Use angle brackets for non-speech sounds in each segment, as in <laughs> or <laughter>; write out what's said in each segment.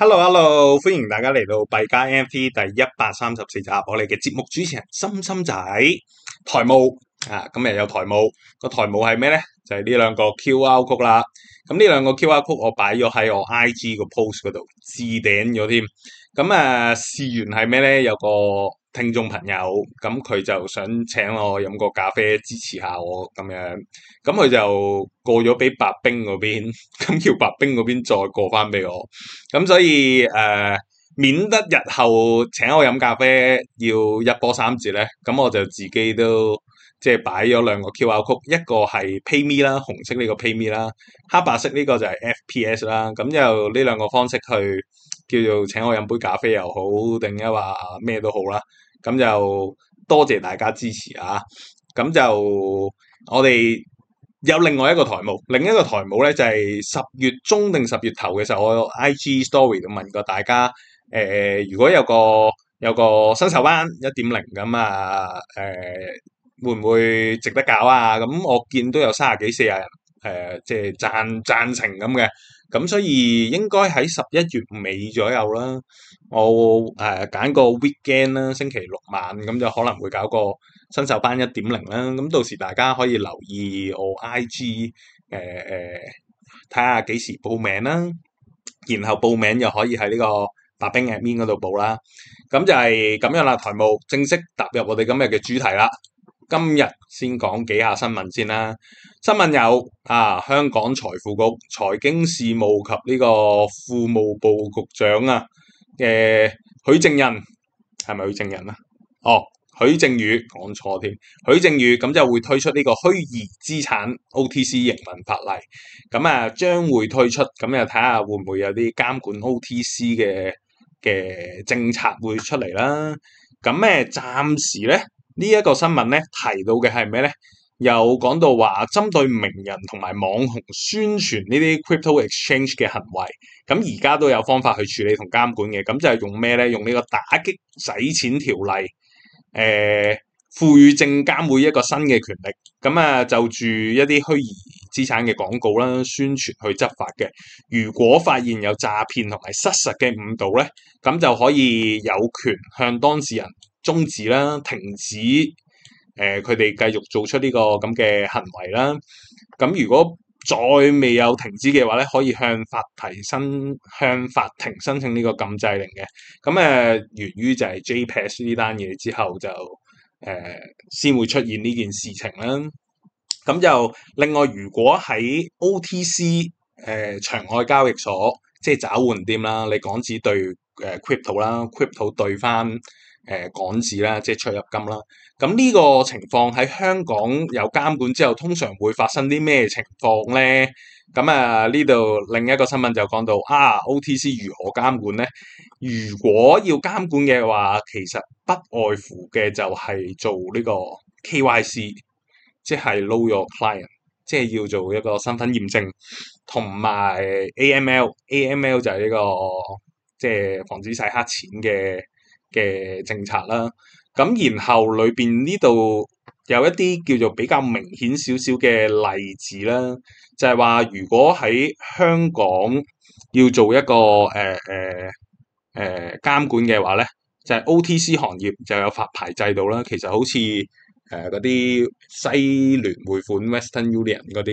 hello hello，歡迎大家嚟到幣加 NFT 第一百三十四集，我哋嘅節目主持人心心仔台務啊，今日有台務個台務係咩咧？就係呢兩個 Q R 曲啦。咁呢兩個 Q R 曲我擺咗喺我 I G 個 post 嗰度置頂咗添。咁啊，事源係咩咧？有個。聽眾朋友，咁佢就想請我飲個咖啡支持下我咁樣，咁佢就過咗俾白兵嗰邊，咁叫白兵嗰邊再過翻俾我，咁所以誒、呃，免得日後請我飲咖啡要一波三折咧，咁我就自己都即係擺咗兩個 Q R code，一個係 PayMe 啦，紅色呢個 PayMe 啦，黑白色呢個就係 FPS 啦，咁就呢兩個方式去。叫做請我飲杯咖啡又好，定一話咩都好啦。咁就多謝，謝大家支持啊！咁就我哋有另外一個台目，另一個台目咧就係、是、十月中定十月頭嘅時候，我 I G story 都問過大家，誒、呃、如果有個有個新手班一點零咁啊，誒、呃、會唔會值得搞啊？咁我見都有卅幾四廿人誒，即、呃、係、就是、贊贊成咁嘅。咁所以應該喺十一月尾左右啦，我誒揀、呃、個 weekend 啦，星期六晚咁就可能會搞個新手班一點零啦。咁到時大家可以留意我 IG 誒、呃、誒，睇下幾時報名啦，然後報名就可以喺呢個白兵 admin 嗰度報啦。咁就係咁樣啦，台務正式踏入我哋今日嘅主題啦。今日先講幾下新聞先啦。新聞有啊，香港財富局財經事務及呢個副務部局長啊嘅、呃、許正仁，係咪許正仁啊？哦，許正宇講錯添。許正宇咁就會推出呢個虛擬資產 OTC 營運法例，咁啊將會推出，咁又睇下會唔會有啲監管 OTC 嘅嘅政策會出嚟啦。咁咩、啊？暫時咧。呢一個新聞咧提到嘅係咩咧？又講到話針對名人同埋網紅宣傳呢啲 crypto exchange 嘅行為，咁而家都有方法去處理同監管嘅，咁就係用咩咧？用呢個打擊洗錢條例，誒、呃、賦予證監會一個新嘅權力，咁啊就住一啲虛擬資產嘅廣告啦，宣傳去執法嘅，如果發現有詐騙同埋失實嘅誤導咧，咁就可以有權向當事人。中止啦，停止誒佢哋繼續做出呢個咁嘅行為啦。咁如果再未有停止嘅話咧，可以向法提申向法庭申請呢個禁制令嘅。咁誒、呃、源於就係 JPEX 呢單嘢之後就誒先、呃、會出現呢件事情啦。咁就另外如果喺 OTC 誒、呃、場外交易所即係找換店啦，你港紙對誒、呃、Crypto 啦 Crypto 對翻。誒、呃、港紙啦，即係出入金啦。咁、嗯、呢、這個情況喺香港有監管之後，通常會發生啲咩情況咧？咁、嗯、啊，呢度另一個新聞就講到啊，OTC 如何監管咧？如果要監管嘅話，其實不外乎嘅就係做呢個 KYC，即係 know your client，即係要做一個身份驗證，同埋 AML，AML 就係呢、這個即係防止洗黑錢嘅。嘅政策啦，咁然後裏邊呢度有一啲叫做比較明顯少少嘅例子啦，就係話如果喺香港要做一個誒誒誒監管嘅話咧，就係 OTC 行業就有發牌制度啦。其實好似誒嗰啲西聯匯款 Western Union 嗰啲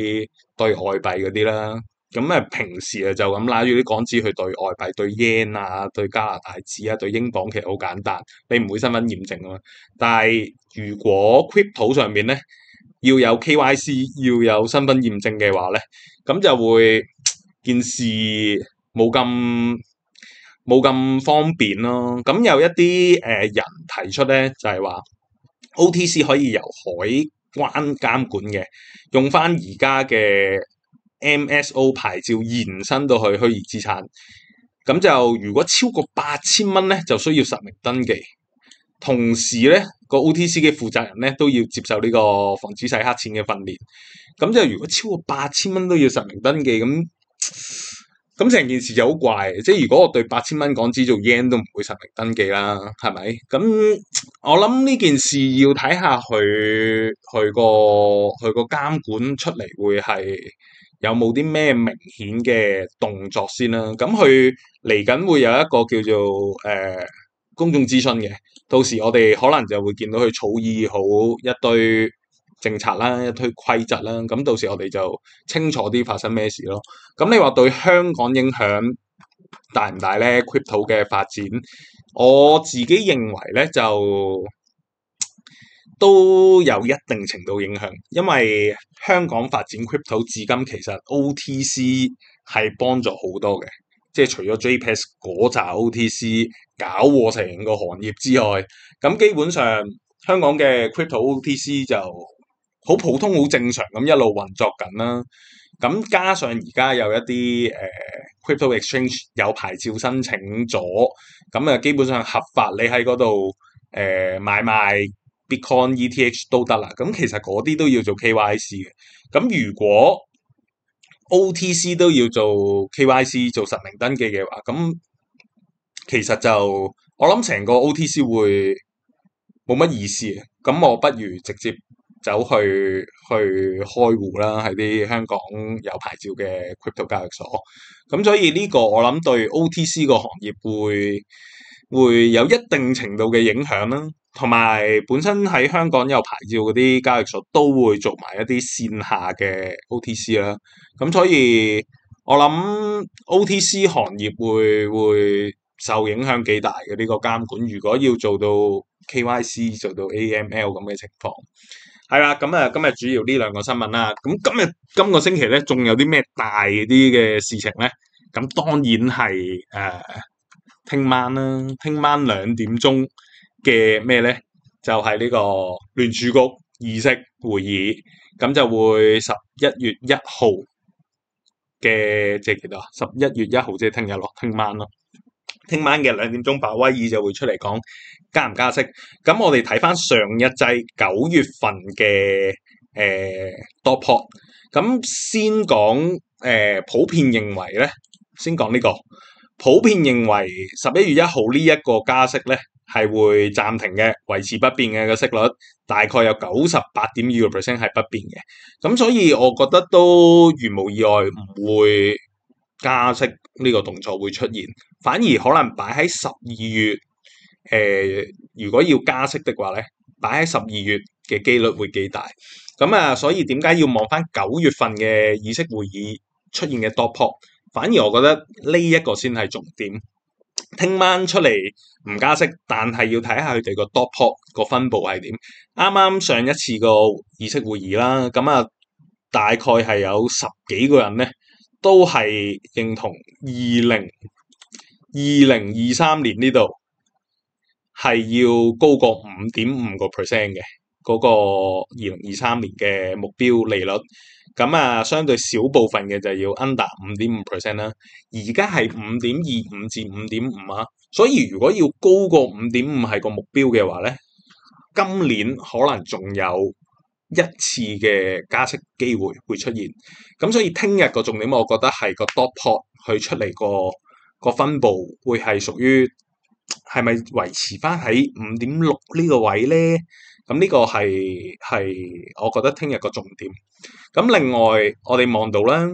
對外幣嗰啲啦。咁誒，平時啊就咁拉住啲港紙去對外幣、對 yen 啊、對加拿大紙啊、對英鎊，其實好簡單，你唔會身份驗證啊嘛。但係如果 Crypto 上面咧，要有 KYC，要有身份驗證嘅話咧，咁就會件事冇咁冇咁方便咯。咁有一啲誒、呃、人提出咧，就係、是、話 OTC 可以由海關監管嘅，用翻而家嘅。M S O 牌照延伸到去虛擬資產，咁就如果超過八千蚊咧，就需要實名登記。同時咧，個 O T C 嘅負責人咧都要接受呢個防止洗黑錢嘅訓練。咁就如果超過八千蚊都要實名登記，咁咁成件事就好怪。即係如果我對八千蚊港紙做 yen 都唔會實名登記啦，係咪？咁我諗呢件事要睇下佢佢個佢個監管出嚟會係。有冇啲咩明顯嘅動作先啦？咁佢嚟緊會有一個叫做誒、呃、公眾諮詢嘅，到時我哋可能就會見到佢草擬好一堆政策啦、一堆規則啦。咁到時我哋就清楚啲發生咩事咯。咁你話對香港影響大唔大咧？Crypto 嘅發展，我自己認為咧就。都有一定程度影響，因為香港發展 crypto 至今其實 OTC 係幫助好多嘅，即係除咗 JPAS 嗰扎 OTC 搞禍成個行業之外，咁基本上香港嘅 crypto OTC 就好普通好正常咁一路運作緊啦。咁加上而家有一啲誒、呃、crypto exchange 有牌照申請咗，咁啊基本上合法你，你喺嗰度誒買賣。Bitcoin、ETH 都得啦，咁其實嗰啲都要做 KYC 嘅。咁如果 OTC 都要做 KYC 做實名登記嘅話，咁其實就我諗成個 OTC 會冇乜意思。咁我不如直接走去去開戶啦，喺啲香港有牌照嘅 crypto 交易所。咁所以呢個我諗對 OTC 個行業會會有一定程度嘅影響啦。同埋本身喺香港有牌照嗰啲交易所都會做埋一啲線下嘅 OTC 啦，咁所以我諗 OTC 行業會會受影響幾大嘅呢個監管。如果要做到 KYC 做到 AML 咁嘅情況，係啦。咁啊，今日主要呢兩個新聞啦。咁今日今個星期咧，仲有啲咩大啲嘅事情咧？咁當然係誒，聽晚啦，聽晚兩點鐘。嘅咩咧？就係、是、呢、這個聯儲局議息會議，咁就會十一月一號嘅，即係幾多啊？十一月一號即係聽日咯，聽晚咯，聽晚嘅兩點鐘，鮑威爾就會出嚟講加唔加息。咁我哋睇翻上一季九月份嘅誒 Dot Plot，咁先講誒、呃、普遍認為咧，先講呢、這個普遍認為十一月一號呢一個加息咧。係會暫停嘅，維持不變嘅個息率，大概有九十八點二個 percent 係不變嘅。咁所以我覺得都如無意外唔會加息呢個動作會出現，反而可能擺喺十二月。誒、呃，如果要加息的話咧，擺喺十二月嘅機率會幾大？咁啊，所以點解要望翻九月份嘅議息會議出現嘅多波？反而我覺得呢一個先係重點。聽晚出嚟唔加息，但係要睇下佢哋個 dot plot 個分布係點。啱啱上一次個議息會議啦，咁啊大概係有十幾個人咧，都係認同二零二零二三年呢度係要高過五點五個 percent 嘅嗰個二零二三年嘅目標利率。咁啊，相對少部分嘅就要 under 五點五 percent 啦。而家係五點二五至五點五啊，所以如果要高過五點五係個目標嘅話咧，今年可能仲有一次嘅加息機會會出現。咁所以聽日個重點，我覺得係個 dot plot 佢出嚟個個分佈會係屬於係咪維持翻喺五點六呢個位咧？咁呢個係係我覺得聽日個重點。咁另外，我哋望到啦，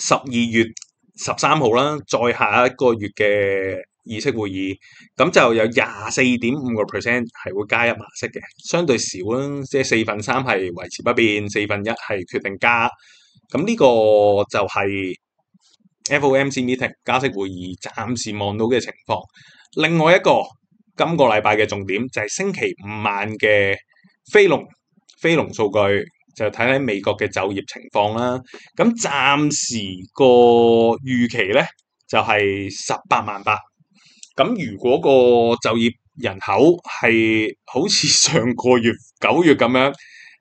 十二月十三號啦，再下一個月嘅議息會議，咁就有廿四點五個 percent 係會加入加息嘅，相對少啦，即係四分三係維持不變，四分一係決定加。咁呢個就係 FOMC meeting 加息會議暫時望到嘅情況。另外一個。今個禮拜嘅重點就係星期五晚嘅非農、非農數據，就睇睇美國嘅就業情況啦。咁暫時個預期咧就係十八萬八。咁如果個就業人口係好似上個月九月咁樣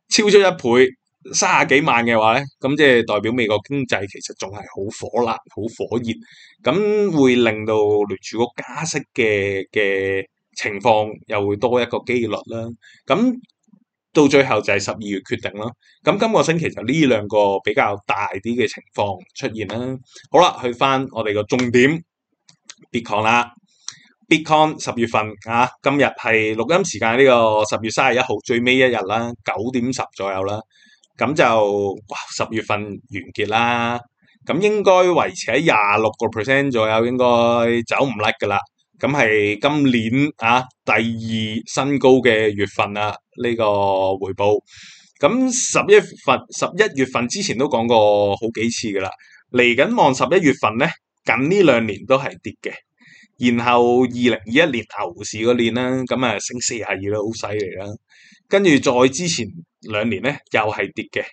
超出一倍三十幾萬嘅話咧，咁即係代表美國經濟其實仲係好火辣、好火熱。咁會令到聯儲局加息嘅嘅。情況又會多一個機率啦，咁到最後就係十二月決定啦。咁今個星期就呢兩個比較大啲嘅情況出現啦。好啦，去翻我哋個重點 Bitcoin 啦。Bitcoin 十月份啊，今日係錄音時間呢個十月三十一號最尾一日啦，九點十左右啦。咁就哇十月份完結啦。咁應該維持喺廿六個 percent 左右，應該走唔甩噶啦。咁係今年啊第二新高嘅月份啊，呢個回報。咁十一份十一月份之前都講過好幾次噶啦，嚟緊望十一月份咧，近呢兩年都係跌嘅。然後二零二一年牛市個年啦，咁啊升四十二啦，好犀利啦。跟住再之前兩年咧，又係跌嘅。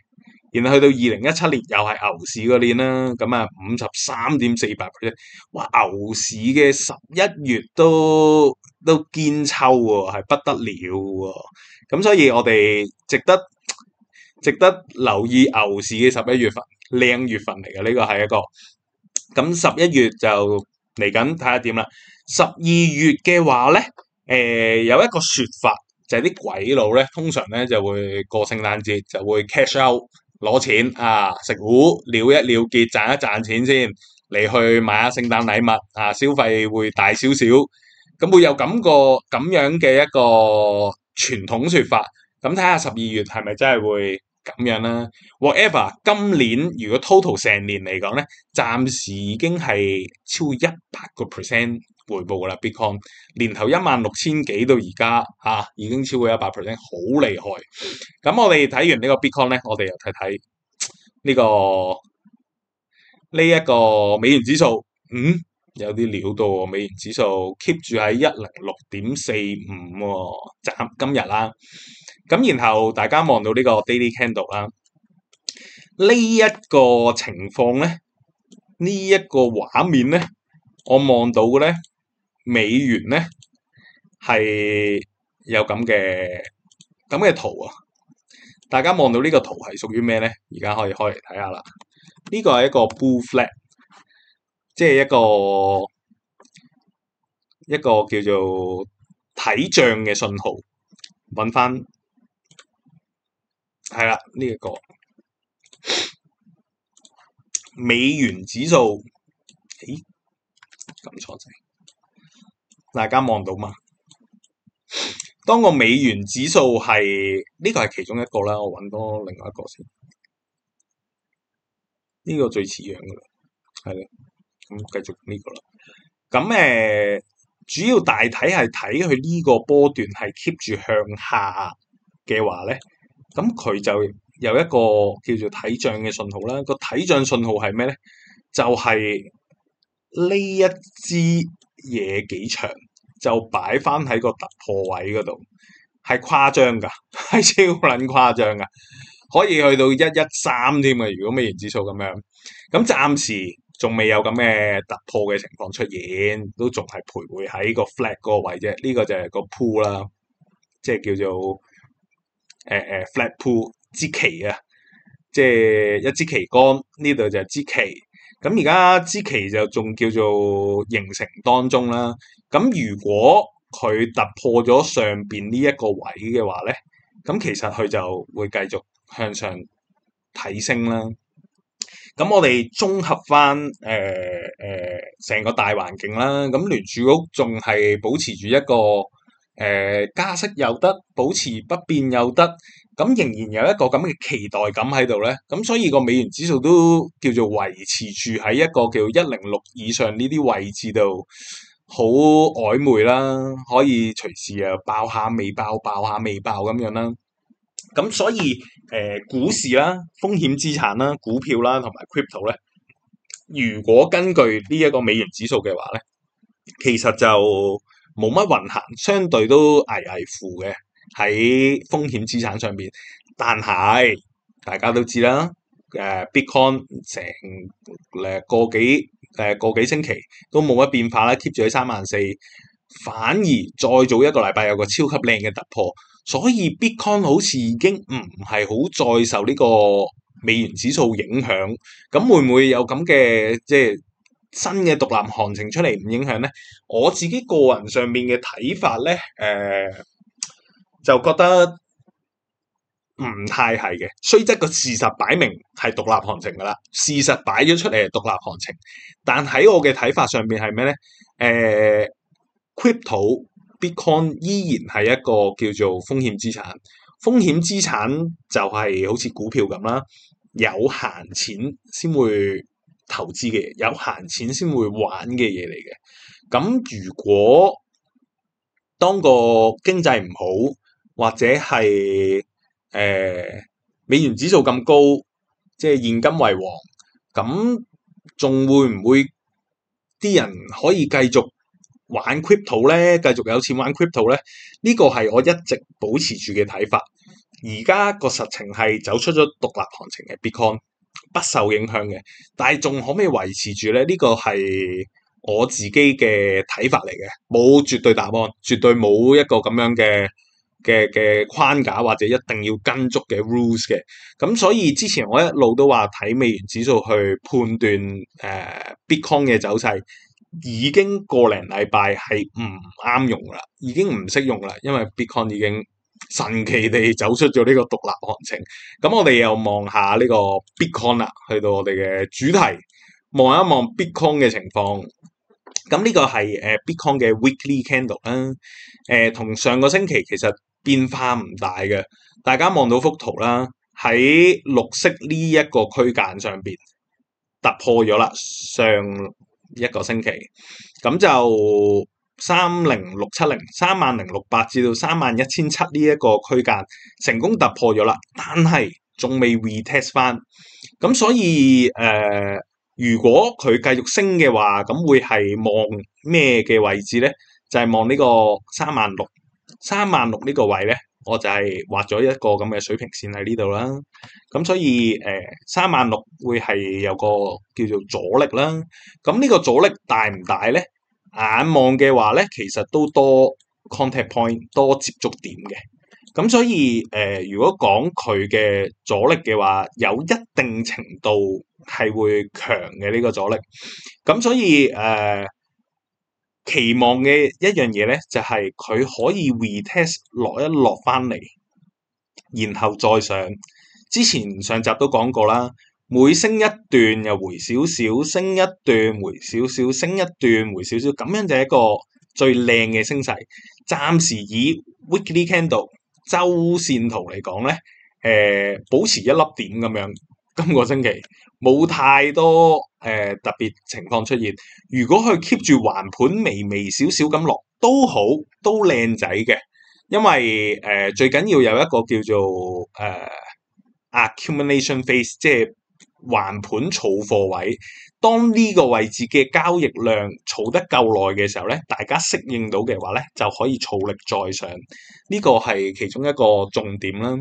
然後去到二零一七年又係牛市嗰年啦，咁啊五十三點四八 percent 哇！牛市嘅十一月都都堅抽喎，係不得了喎。咁所以我哋值得值得留意牛市嘅十一月份靚月份嚟嘅，呢、這個係一個咁十一月就嚟緊睇下點啦。十二月嘅話咧，誒、呃、有一個説法就係、是、啲鬼佬咧，通常咧就會過聖誕節就會 cash out。攞錢啊！食糊了一了結賺一賺錢先，嚟去買下聖誕禮物啊！消費會大少少，咁會有咁個咁樣嘅一個傳統説法。咁睇下十二月係咪真係會咁樣啦、啊、Whatever，今年如果 total 成年嚟講咧，暫時已經係超一百個 percent。回報㗎喇，Bitcoin 年頭一萬六千幾到而家吓，已經超過一百 percent，好厲害。咁我哋睇完個呢個 Bitcoin 咧，我哋又睇睇呢個呢一、這個美元指數，嗯，有啲料到喎、哦。美元指數 keep 住喺一零六點四五，暫、哦、今日啦。咁然後大家望到呢個 daily candle 啦，呢、這、一個情況咧，這個、畫呢一個畫面咧，我望到嘅咧。美元咧係有咁嘅咁嘅圖啊！大家望到呢個圖係屬於咩咧？而家可以開嚟睇下啦。呢個係一個 bull flat，即係一個一個叫做睇漲嘅信號。揾翻係啦，呢一個美元指數，咦，撳錯咗。大家望到嘛？當個美元指數係呢個係其中一個啦，我揾多另外一個先。呢、這個最似樣嘅啦，係咯，咁繼續呢個啦。咁誒、呃，主要大體係睇佢呢個波段係 keep 住向下嘅話咧，咁佢就有一個叫做睇漲嘅信號啦。嗰個睇漲信號係咩咧？就係、係、呢一支。嘢幾長就擺翻喺個突破位嗰度，係誇張噶，係超撚誇張噶，可以去到一一三添啊。如果美元指數咁樣，咁暫時仲未有咁嘅突破嘅情況出現，都仲係徘徊喺個 flat 個位啫。呢、這個就係個 pool 啦，即係叫做誒誒、呃、flat pool 之旗啊，即係一支旗杆，呢度就係支旗。咁而家之期就仲叫做形成當中啦。咁如果佢突破咗上邊呢一個位嘅話咧，咁其實佢就會繼續向上提升啦。咁我哋綜合翻誒誒成個大環境啦。咁聯儲局仲係保持住一個誒、呃、加息又得，保持不變又得。咁仍然有一個咁嘅期待感喺度咧，咁所以個美元指數都叫做維持住喺一個叫一零六以上呢啲位置度，好曖昧啦，可以隨時啊爆下未爆，爆下未爆咁樣啦。咁所以誒、呃，股市啦、風險資產啦、股票啦同埋 crypto 咧，如果根據呢一個美元指數嘅話咧，其實就冇乜運行，相對都危危乎嘅。喺風險資產上邊，但係大家都知啦，誒、呃、Bitcoin 成誒個，個幾誒、呃、個幾星期都冇乜變化啦，keep 住喺三萬四，34，反而再早一個禮拜有個超級靚嘅突破，所以 Bitcoin 好似已經唔係好再受呢個美元指數影響，咁會唔會有咁嘅即係新嘅獨立行情出嚟唔影響咧？我自己個人上面嘅睇法咧，誒、呃。就覺得唔太係嘅，雖則個事實擺明係獨立行情噶啦，事實擺咗出嚟係獨立行情。但喺我嘅睇法上邊係咩咧？誒、呃，Crypto、Crypto，Bitcoin 依然係一個叫做風險資產，風險資產就係好似股票咁啦，有閒錢先會投資嘅，有閒錢先會玩嘅嘢嚟嘅。咁如果當個經濟唔好。或者係誒、呃、美元指數咁高，即係現金為王，咁仲會唔會啲人可以繼續玩 crypto 咧？繼續有錢玩 crypto 咧？呢個係我一直保持住嘅睇法。而家個實情係走出咗獨立行情嘅 Bitcoin 不受影響嘅，但係仲可唔可以維持住咧？呢個係我自己嘅睇法嚟嘅，冇絕對答案，絕對冇一個咁樣嘅。嘅嘅框架或者一定要跟足嘅 rules 嘅，咁、嗯、所以之前我一路都話睇美元指數去判斷誒、呃、Bitcoin 嘅走勢已經個零禮拜係唔啱用啦，已經唔識用啦，因為 Bitcoin 已經神奇地走出咗呢個獨立行情。咁、嗯、我哋又望下呢個 Bitcoin 啦，去到我哋嘅主題望一望 Bitcoin 嘅情況。咁、嗯、呢、這個係誒、呃、Bitcoin 嘅 weekly candle 啦、啊，誒、呃、同上個星期其實。變化唔大嘅，大家望到幅圖啦，喺綠色呢一個區間上邊突破咗啦，上一個星期咁就三零六七零三萬零六百至到三萬一千七呢一個區間成功突破咗啦，但係仲未 retest 翻，咁所以誒、呃，如果佢繼續升嘅話，咁會係望咩嘅位置咧？就係、是、望呢個三萬六。三萬六呢個位咧，我就係畫咗一個咁嘅水平線喺呢度啦。咁所以誒，三萬六會係有個叫做阻力啦。咁呢個阻力大唔大咧？眼望嘅話咧，其實都多 contact point 多接觸點嘅。咁所以誒、呃，如果講佢嘅阻力嘅話，有一定程度係會強嘅呢個阻力。咁所以誒。呃期望嘅一樣嘢咧，就係、是、佢可以 retest 落一落翻嚟，然後再上。之前上集都講過啦，每升一段又回少少，升一段回少少，升一段回少少，咁樣就係一個最靚嘅升勢。暫時以 weekly candle 週線圖嚟講咧，誒、呃、保持一粒點咁樣，今個星期。冇太多誒特別情況出現。如果佢 keep 住橫盤微微少少咁落都好，都靚仔嘅。因為誒最緊要有一個叫做誒 accumulation phase，即係橫盤儲貨位。當呢個位置嘅交易量儲得夠耐嘅時候咧，大家適應到嘅話咧，就可以儲力再上。呢個係其中一個重點啦。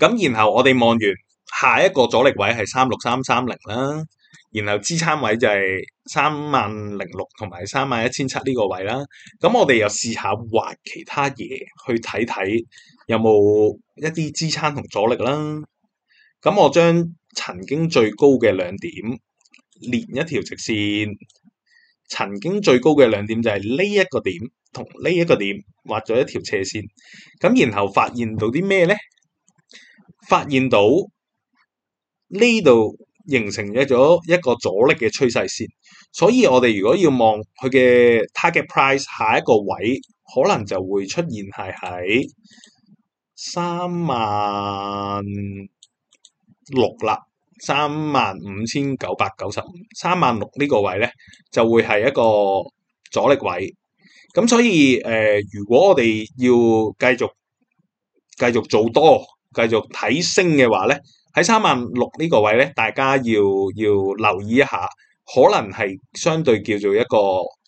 咁然後我哋望完。下一個阻力位係三六三三零啦，然後支撐位就係三萬零六同埋三萬一千七呢個位啦。咁我哋又試下畫其他嘢去睇睇，有冇一啲支撐同阻力啦？咁我將曾經最高嘅兩點連一條直線，曾經最高嘅兩點就係呢一個點同呢一個點畫咗一條斜線。咁然後發現到啲咩呢？發現到。呢度形成咗一個阻力嘅趨勢線，所以我哋如果要望佢嘅 target price 下一個位，可能就會出現係喺三萬六啦，三萬五千九百九十五，三萬六呢個位咧就會係一個阻力位。咁所以誒、呃，如果我哋要繼續繼續做多，繼續睇升嘅話咧。喺三萬六呢個位咧，大家要要留意一下，可能係相對叫做一個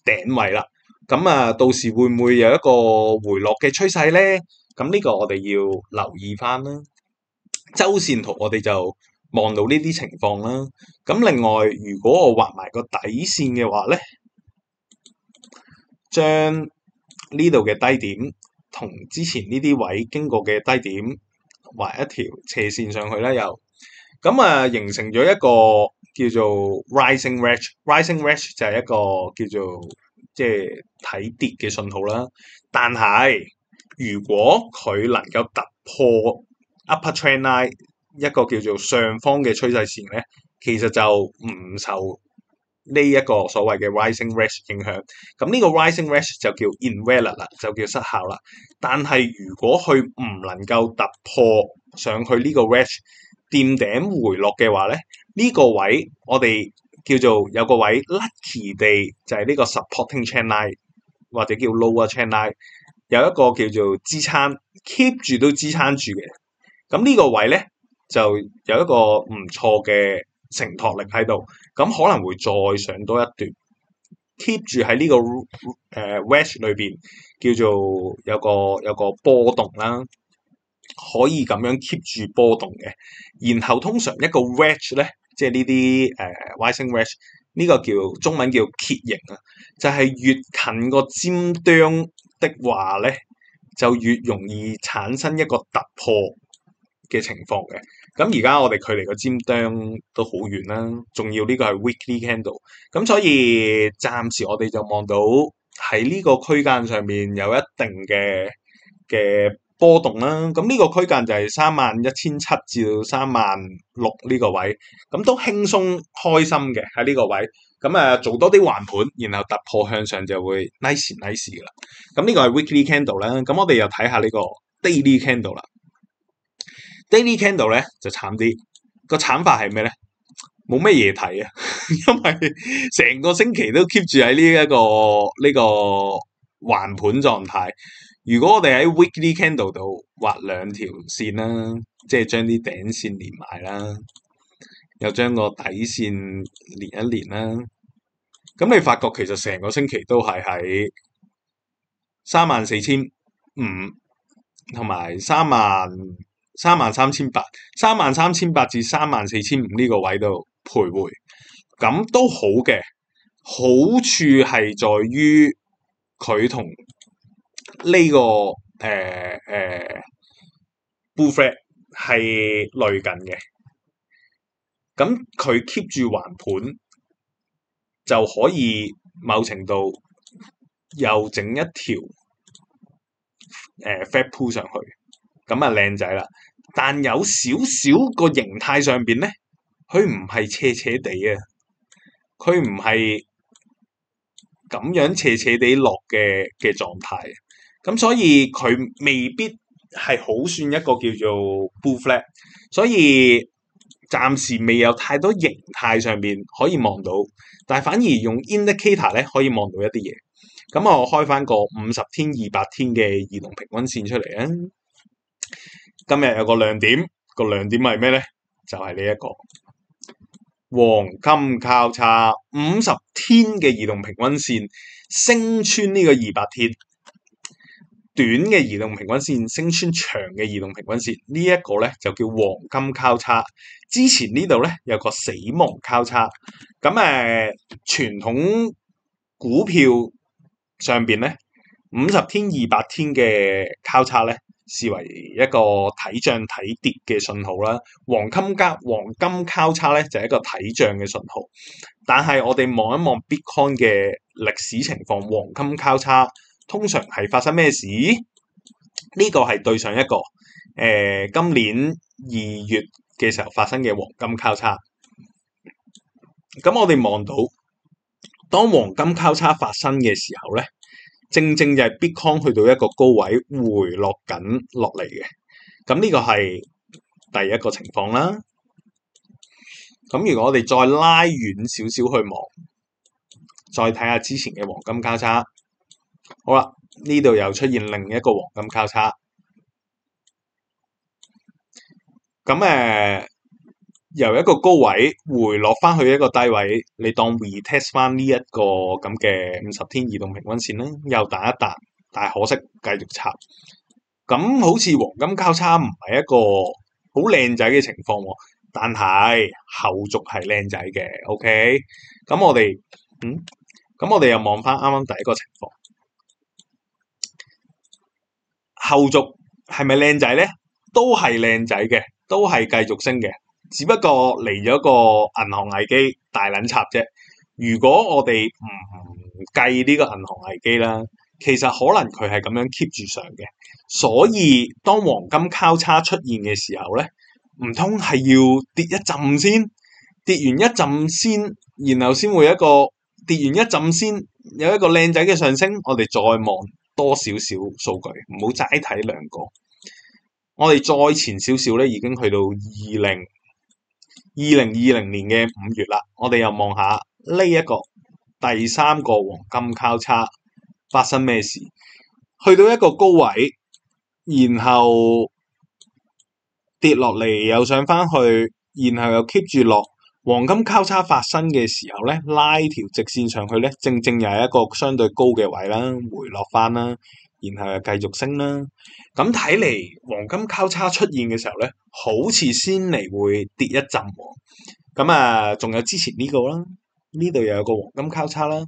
頂位啦。咁啊，到時會唔會有一個回落嘅趨勢咧？咁呢個我哋要留意返啦。周線圖我哋就望到呢啲情況啦。咁另外，如果我畫埋個底線嘅話咧，將呢度嘅低點同之前呢啲位經過嘅低點。畫一條斜線上去咧，又咁啊，形成咗一個叫做 rising wedge，rising wedge 就係一個叫做，叫做即係睇跌嘅信號啦。但係如果佢能夠突破 upper trend line 一個叫做上方嘅趨勢線咧，其實就唔受。呢一個所謂嘅 rising rush 影響，咁、這、呢個 rising rush 就叫 invalid 啦，就叫失效啦。但係如果佢唔能夠突破上去呢個 rush 掂頂回落嘅話咧，呢、這個位我哋叫做有個位 lucky 地就係呢個 supporting trend line 或者叫 lower trend line 有一個叫做支撐 keep 住都支撐住嘅。咁、這、呢個位咧就有一個唔錯嘅。承托力喺度，咁可能會再上多一段，keep 住喺呢、這個誒 wedge 裏邊，叫做有個有個波動啦，可以咁樣 keep 住波動嘅。然後通常一個 wedge 咧，即係呢啲誒 rising wedge，呢個叫中文叫楔形啊，就係、是、越近個尖端的話咧，就越容易產生一個突破嘅情況嘅。咁而家我哋距離個尖端都好遠啦，仲要呢個係 weekly candle，咁所以暫時我哋就望到喺呢個區間上面有一定嘅嘅波動啦、啊。咁呢個區間就係三萬一千七至三萬六呢個位，咁都輕鬆開心嘅喺呢個位，咁啊做多啲橫盤，然後突破向上就會 ice, nice nice 噶啦。咁呢個係 weekly candle 啦，咁我哋又睇下呢個 daily candle 啦。Daily candle 咧就慘啲，個慘法係咩咧？冇咩嘢睇啊， <laughs> 因為成個星期都 keep 住喺呢一個呢、呢個橫盤狀態。如果我哋喺 Weekly candle 度畫兩條線啦，即係將啲頂線連埋啦，又將個底線連一連啦，咁你發覺其實成個星期都係喺三萬四千五同埋三萬三萬三千八，三萬三千八至三萬四千五呢個位度徘徊，咁都好嘅，好處係在於佢同呢個誒誒 b u l fat 係累近嘅，咁佢 keep 住橫盤就可以某程度又整一條誒 fat 鋪上去。咁啊，靚仔啦！但有少少個形態上邊咧，佢唔係斜斜地啊，佢唔係咁樣斜斜地落嘅嘅狀態。咁所以佢未必係好算一個叫做 bull flag。所以暫時未有太多形態上邊可以望到，但係反而用 indicator 咧可以望到一啲嘢。咁我開翻個五十天、二百天嘅移動平均線出嚟啊！今日有個亮點，個亮點係咩咧？就係呢一個黃金交叉，五十天嘅移動平均線升穿呢個二百天，短嘅移動平均線升穿長嘅移動平均線，均線均線這個、呢一個咧就叫黃金交叉。之前呢度咧有個死亡交叉，咁誒、呃，傳統股票上邊咧五十天、二百天嘅交叉咧。視為一個睇漲睇跌嘅信號啦，黃金交黃金交叉咧就係一個睇漲嘅信號。但係我哋望一望 Bitcoin 嘅歷史情況，黃金交叉通常係發生咩事？呢個係對上一個誒今年二月嘅時候發生嘅黃金交叉。咁、這個呃、我哋望到當黃金交叉發生嘅時候咧。正正就係 Bitcoin 去到一個高位回落緊落嚟嘅，咁呢個係第一個情況啦。咁如果我哋再拉遠少少去望，再睇下之前嘅黃金交叉，好啦，呢度又出現另一個黃金交叉。咁誒。呃由一個高位回落翻去一個低位，你當 retest 翻呢一個咁嘅五十天移動平均線啦，又彈一彈，但係可惜繼續插。咁好似黃金交叉唔係一個好靚仔嘅情況喎，但係後續係靚仔嘅。OK，咁我哋嗯，咁我哋又望翻啱啱第一個情況，後續係咪靚仔咧？都係靚仔嘅，都係繼續升嘅。只不過嚟咗個銀行危機大撚插啫。如果我哋唔計呢個銀行危機啦，其實可能佢係咁樣 keep 住上嘅。所以當黃金交叉出現嘅時候咧，唔通係要跌一陣先，跌完一陣先，然後先會有一個跌完一陣先有一個靚仔嘅上升。我哋再望多少少數據，唔好齋睇兩個。我哋再前少少咧，已經去到二零。二零二零年嘅五月啦，我哋又望下呢一個第三個黃金交叉發生咩事？去到一個高位，然後跌落嚟，又上返去，然後又 keep 住落。黃金交叉發生嘅時候呢，拉條直線上去呢，正正又係一個相對高嘅位啦，回落返啦。然後又繼續升啦，咁睇嚟黃金交叉出現嘅時候咧，好似先嚟會跌一陣喎、哦。咁啊，仲有之前呢個啦，呢度又有個黃金交叉啦，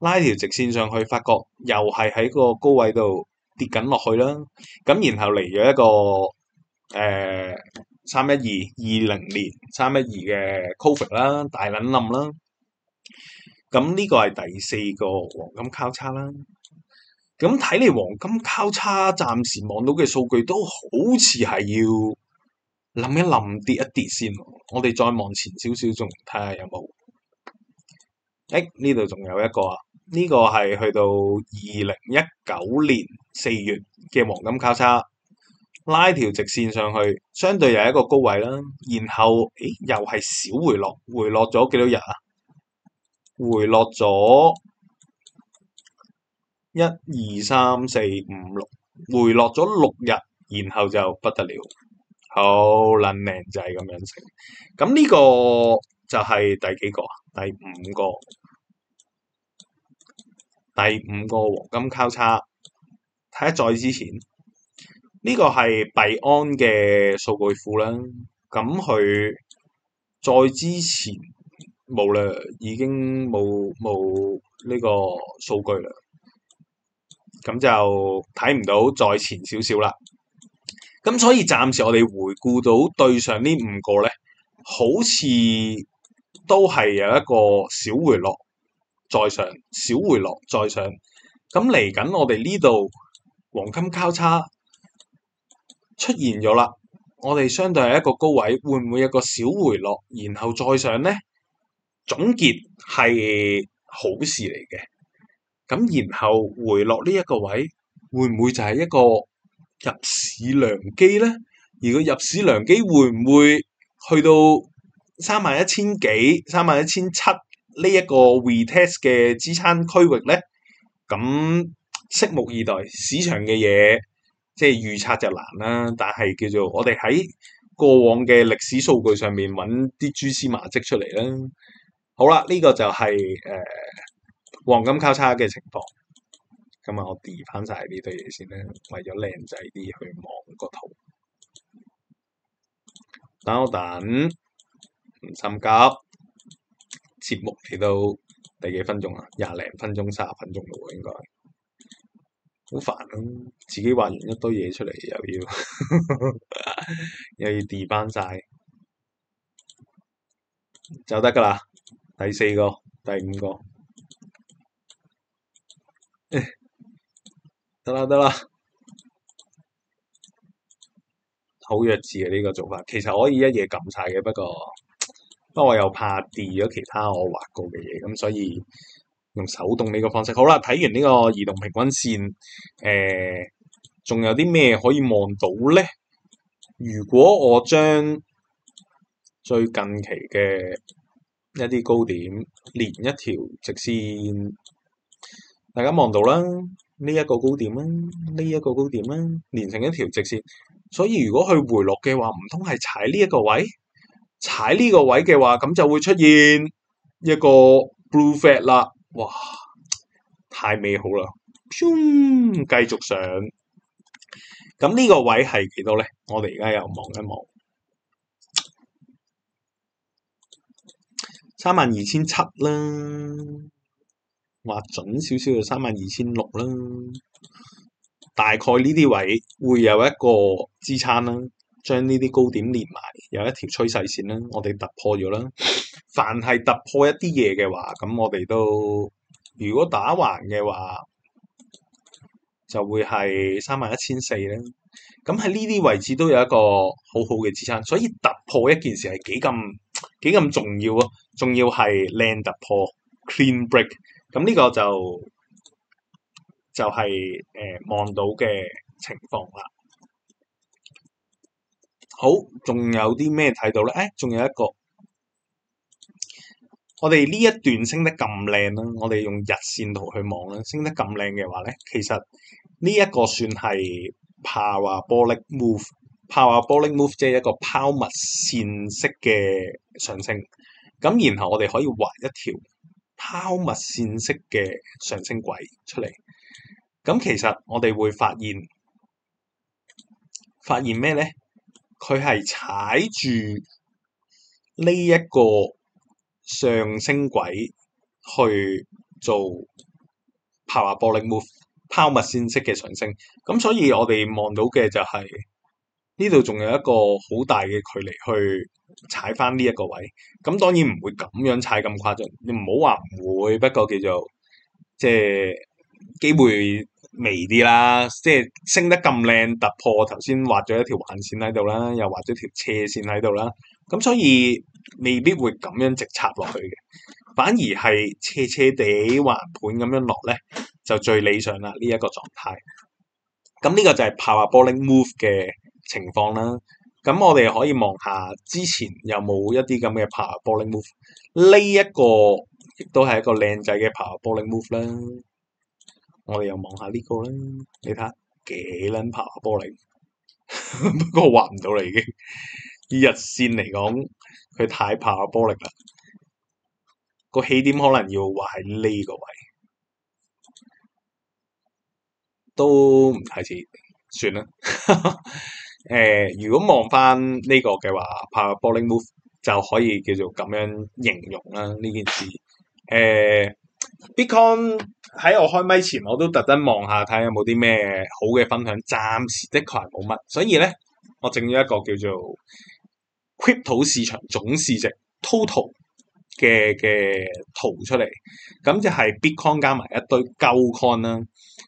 拉條直線上去，發覺又係喺個高位度跌緊落去啦。咁然後嚟咗一個誒三一二二零年三一二嘅 COVID 啦，大撚冧啦。咁呢個係第四個黃金交叉啦。咁睇嚟，黃金交叉暫時望到嘅數據都好似係要諗一諗跌一跌先。我哋再望前少少，仲睇下有冇？誒，呢度仲有一個啊，呢個係去到二零一九年四月嘅黃金交叉，拉條直線上去，相對又係一個高位啦。然後，誒，又係小回落，回落咗幾多日啊？回落咗。一二三四五六，回落咗六日，然後就不得了，好捻靚仔咁樣。成咁呢個就係第幾個？第五個，第五個黃金交叉睇，一再之前呢，這個係幣安嘅數據庫啦，咁佢再之前冇啦，已經冇，冇呢個數據啦。咁就睇唔到再前少少啦。咁所以暫時我哋回顧到對上呢五個咧，好似都係有一個小回落，再上小回落，再上。咁嚟緊我哋呢度黃金交叉出現咗啦，我哋相對係一個高位，會唔會有個小回落，然後再上咧？總結係好事嚟嘅。咁然後回落呢一個位，會唔會就係一個入市良機呢？而個入市良機會唔會去到三萬一千幾、三萬一千七呢一個 retest 嘅支撐區域呢，咁拭目以待，市場嘅嘢即係預測就難啦。但係叫做我哋喺過往嘅歷史數據上面揾啲蛛絲馬跡出嚟啦。好啦，呢、這個就係、是、誒。呃黃金交叉嘅情況，今日我 delete 返晒呢堆嘢先啦。為咗靚仔啲去望個圖。等我等，唔心急，節目嚟到第幾分鐘啊？廿零分鐘、三十分鐘喎，應該好煩啊！自己畫完一堆嘢出嚟，又要 <laughs> 又要 delete 返晒就得噶啦。第四個，第五個。得啦得啦，好弱智啊！呢、這個做法，其實可以一嘢撳晒嘅，不過不過我又怕跌咗其他我畫過嘅嘢，咁所以用手動呢個方式。好啦，睇完呢個移動平均線，誒、呃，仲有啲咩可以望到咧？如果我將最近期嘅一啲高點連一條直線。大家望到啦，呢、這、一個高點啦、啊，呢、這、一個高點啦、啊，連成一條直線。所以如果佢回落嘅話，唔通係踩呢一個位，踩呢個位嘅話，咁就會出現一個 blue fat 啦。哇，太美好啦！繼續上，咁呢個位係幾多咧？我哋而家又望一望，三萬二千七啦。話準少少就三萬二千六啦，大概呢啲位會有一個支撐啦，將呢啲高點連埋有一條趨勢線啦。我哋突破咗啦， <laughs> 凡係突破一啲嘢嘅話，咁我哋都如果打橫嘅話，就會係三萬一千四啦。咁喺呢啲位置都有一個好好嘅支撐，所以突破一件事係幾咁幾咁重要啊。仲要係靚突破，clean break。咁呢個就就係誒望到嘅情況啦。好，仲有啲咩睇到咧？誒、哎，仲有一個，我哋呢一段升得咁靚啦，我哋用日線圖去望啦，升得咁靚嘅話咧，其實呢一個算係 parabolic move，p o w parabolic move 即係一個拋物線式嘅上升。咁然後我哋可以畫一條。拋物線式嘅上升軌出嚟，咁其實我哋會發現，發現咩咧？佢係踩住呢一個上升軌去做 parabolic move，拋物線式嘅上升，咁所以我哋望到嘅就係、是。呢度仲有一個好大嘅距離去踩返呢一個位，咁當然唔會咁樣踩咁誇張，你唔好話唔會，不過叫做即係機會微啲啦，即係升得咁靚突破頭先畫咗一條橫線喺度啦，又畫咗條斜線喺度啦，咁所以未必會咁樣直插落去嘅，反而係斜斜地橫盤咁樣落咧就最理想啦呢一個狀態。咁呢個就係 Power boring move 嘅情況啦，咁我哋可以望下之前有冇一啲咁嘅爬下玻璃 move，呢一個亦都係一個靚仔嘅爬下玻璃 move 啦。我哋又望下呢個啦，你睇幾撚爬下玻璃？ <laughs> 不過畫唔到喇已經。以日線嚟講佢太爬下玻璃啦。個起點可能要畫喺呢個位，都唔太似，算啦。 <laughs> 誒、呃，如果望翻呢個嘅話，parabolic move 就可以叫做咁樣形容啦。呢件事，誒、呃、Bitcoin 喺我開麥前，我都特登望下睇有冇啲咩好嘅分享。暫時的確係冇乜，所以咧，我整咗一個叫做 crypto 市場總市值 total 嘅嘅圖出嚟。咁就係 Bitcoin 加埋一堆舊 coin 啦，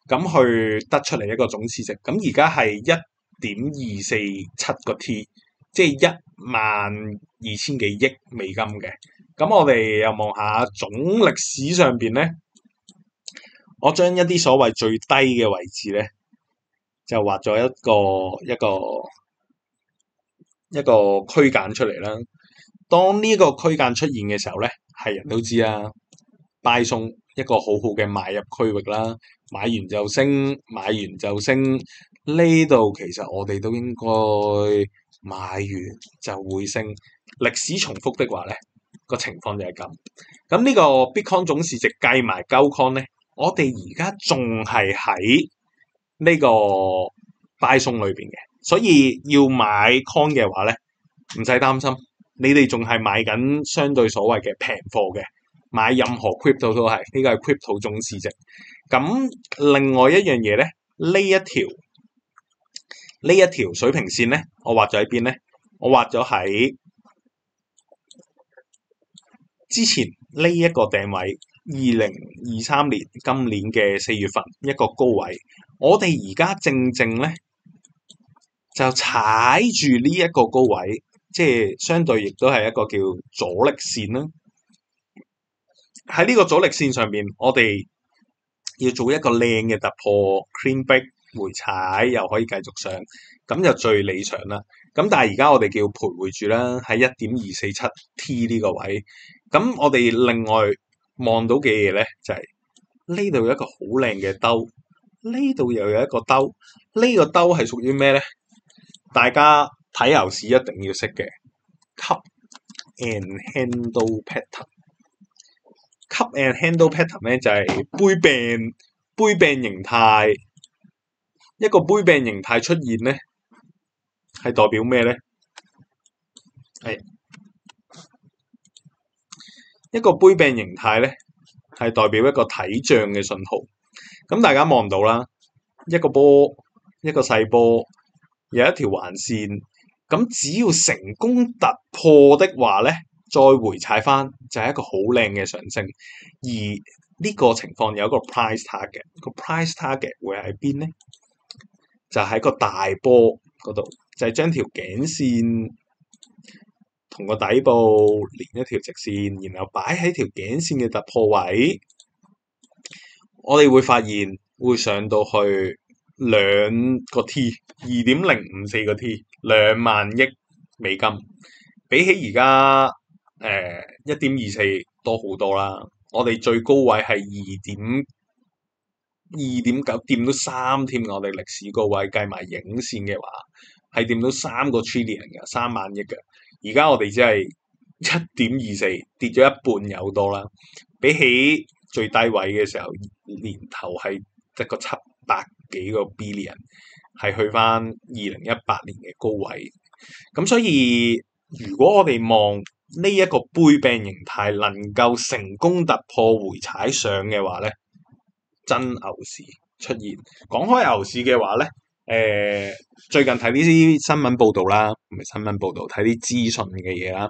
咁去得出嚟一個總市值。咁而家係一點二四七個 T，即係一萬二千幾億美金嘅。咁我哋又望下總歷史上邊咧，我將一啲所謂最低嘅位置咧，就畫咗一個一個一個區間出嚟啦。當呢個區間出現嘅時候咧，係人都知啊，拜送一個好好嘅買入區域啦，買完就升，買完就升。呢度其實我哋都應該買完就會升。歷史重複的話咧，情況，嗯，這個情況就係咁。咁呢個 Bitcoin 總市值計埋 Gold Coin 咧，我哋而家仲係喺呢個派送裏邊嘅，所以要買 Coin 嘅話咧，唔使擔心。你哋仲係買緊相對所謂嘅平貨嘅，買任何 Crypto 都係呢、這個係 Crypto 總市值。咁、嗯、另外一樣嘢咧，呢一條。呢一條水平線咧，我畫咗喺邊咧？我畫咗喺之前呢一個定位，二零二三年今年嘅四月份一個高位。我哋而家正正咧就踩住呢一個高位，即係相對亦都係一個叫阻力線啦。喺呢個阻力線上面，我哋要做一個靚嘅突破，clean break 回踩又可以繼續上，咁就最理想啦。咁但係而家我哋叫徘徊住啦，喺一點二四七 T 呢個位。咁我哋另外望到嘅嘢咧，就係呢度有一個好靚嘅兜，呢度又有一個兜，呢、呢個兜係屬於咩咧？大家睇牛市一定要識嘅 cup and handle pattern。cup and handle pattern 咧就係杯柄杯柄形態。一個杯柄形態出現呢，係代表咩呢？係一個杯柄形態呢，係代表一個睇漲嘅信號。咁大家望到啦，一個波一個細波，有一條橫線。咁只要成功突破的話呢，再回踩翻就係、是、一個好靚嘅上升。而呢個情況有一個 price target，個 price target 會喺邊呢？就喺個大波嗰度，就係將條頸線同個底部連一條直線，然後擺喺條頸線嘅突破位，我哋會發現會上到去兩個 T，二點零五，四個 T，兩萬億美金，比起而家誒一點二四多好多啦。我哋最高位係二點。二點九掂到三添，我哋歷史高位計埋影線嘅話，係掂到三個 trillion 嘅，三萬億嘅。而家我哋只係一點二四，跌咗一半有多啦。比起最低位嘅時候，年頭係一個七百幾個 billion，係去翻二零一八年嘅高位。咁所以，如果我哋望呢一個杯柄形態能夠成功突破回踩上嘅話咧？新牛市出現。講開牛市嘅話咧，誒、呃、最近睇呢啲新聞報道啦，唔係新聞報道，睇啲資訊嘅嘢啦，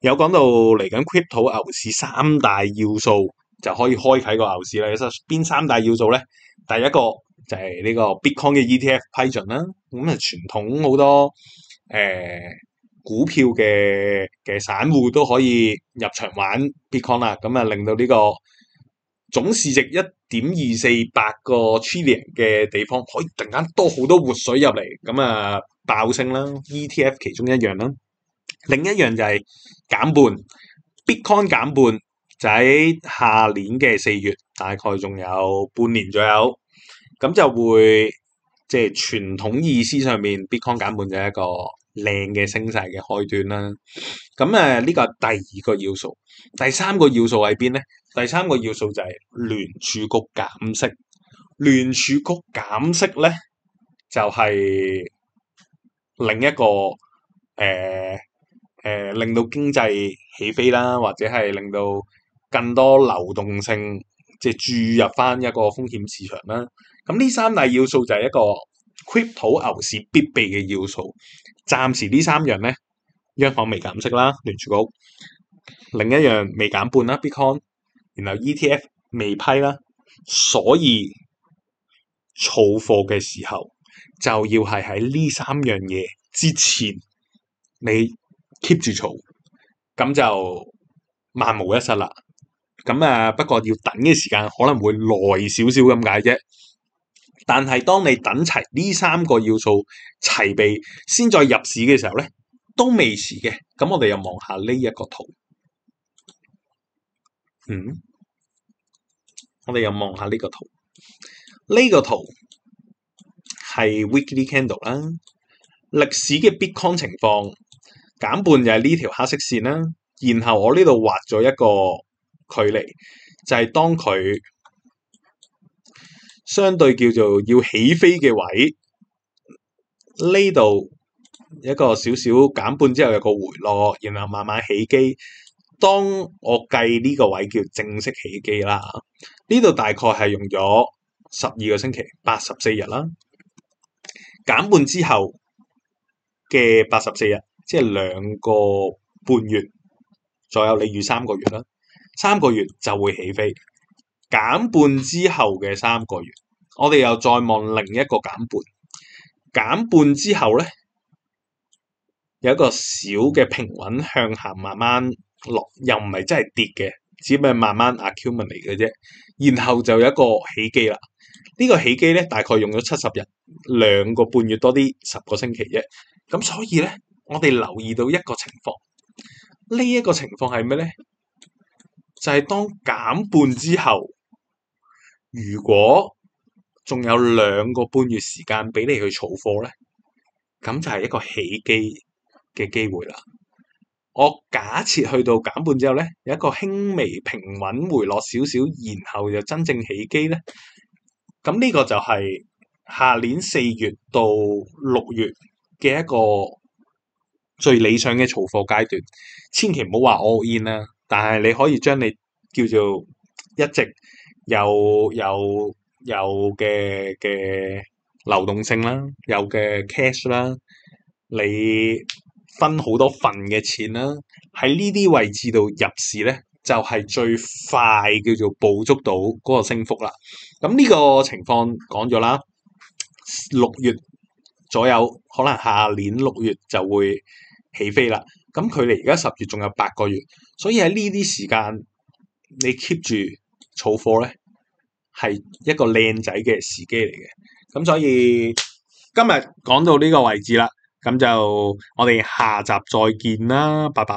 有講到嚟緊 Crypto 牛市三大要素就可以開啟個牛市啦。邊三大要素咧？第一個就係呢個 Bitcoin 嘅 ETF 批准啦。咁、嗯、啊，傳統好多誒、呃、股票嘅嘅散戶都可以入場玩 Bitcoin 啦。咁、嗯、啊，令到呢、這個總市值一點二四八個 trillion 嘅地方，可以突然間多好多活水入嚟，咁啊爆升啦！ETF 其中一樣啦，另一樣就係減半，Bitcoin 減半就喺下年嘅四月，大概仲有半年左右，咁就會即係、就是、傳統意思上面 Bitcoin 減半就係一個。靚嘅升勢嘅開端啦，咁誒呢個係第二個要素，第三個要素喺邊咧？第三個要素就係聯儲局減息，聯儲局減息咧就係、是、另一個誒誒、呃呃、令到經濟起飛啦，或者係令到更多流動性即係、就是、注入翻一個風險市場啦。咁呢三大要素就係一個。Crypto 牛市必備嘅要素，暫時呢三樣咧，央行未減息啦，聯儲局另一樣未減半啦，bitcoin，然後 ETF 未批啦，所以儲貨嘅時候就要係喺呢三樣嘢之前，你 keep 住儲，咁就萬無一失啦。咁啊，不過要等嘅時間可能會耐少少咁解啫。但係，當你等齊呢三個要素齊備，先再入市嘅時候咧，都未遲嘅。咁我哋又望下呢一個圖，嗯，我哋又望下呢個圖，呢個圖係 weekly candle 啦，歷史嘅 Bitcoin 情況減半就係呢條黑色線啦。然後我呢度畫咗一個距離，就係當佢。相對叫做要起飛嘅位，呢度一個少少減半之後有個回落，然後慢慢起機。當我計呢個位叫正式起機啦，呢度大概係用咗十二個星期，八十四日啦。減半之後嘅八十四日，即係兩個半月左右，你預三個月啦，三個月就會起飛。減半之後嘅三個月，我哋又再望另一個減半，減半之後咧有一個小嘅平穩向下，慢慢落，又唔係真係跌嘅，只不係慢慢 accumulate 嚟嘅啫。然後就有一個起飛啦，呢、這個起飛咧大概用咗七十日，兩個半月多啲，十個星期啫。咁所以咧，我哋留意到一個情況，呢、這、一個情況係咩咧？就係、是、當減半之後。如果仲有兩個半月時間俾你去儲貨呢，咁就係一個起機嘅機會啦。我假設去到減半之後呢，有一個輕微平穩回落少少，然後又真正起機呢。咁呢個就係下年四月到六月嘅一個最理想嘅儲貨階段。千祈唔好話 all in 啦，但係你可以將你叫做一直。有有有嘅嘅流動性啦，有嘅 cash 啦，你分好多份嘅錢啦，喺呢啲位置度入市咧，就係、是、最快叫做捕捉到嗰個升幅啦。咁、嗯、呢、這個情況講咗啦，六月左右可能下年六月就會起飛啦。咁距離而家十月仲有八個月，所以喺呢啲時間你 keep 住。儲貨咧係一個靚仔嘅時機嚟嘅，咁所以今日講到呢個位置啦，咁就我哋下集再見啦，拜拜。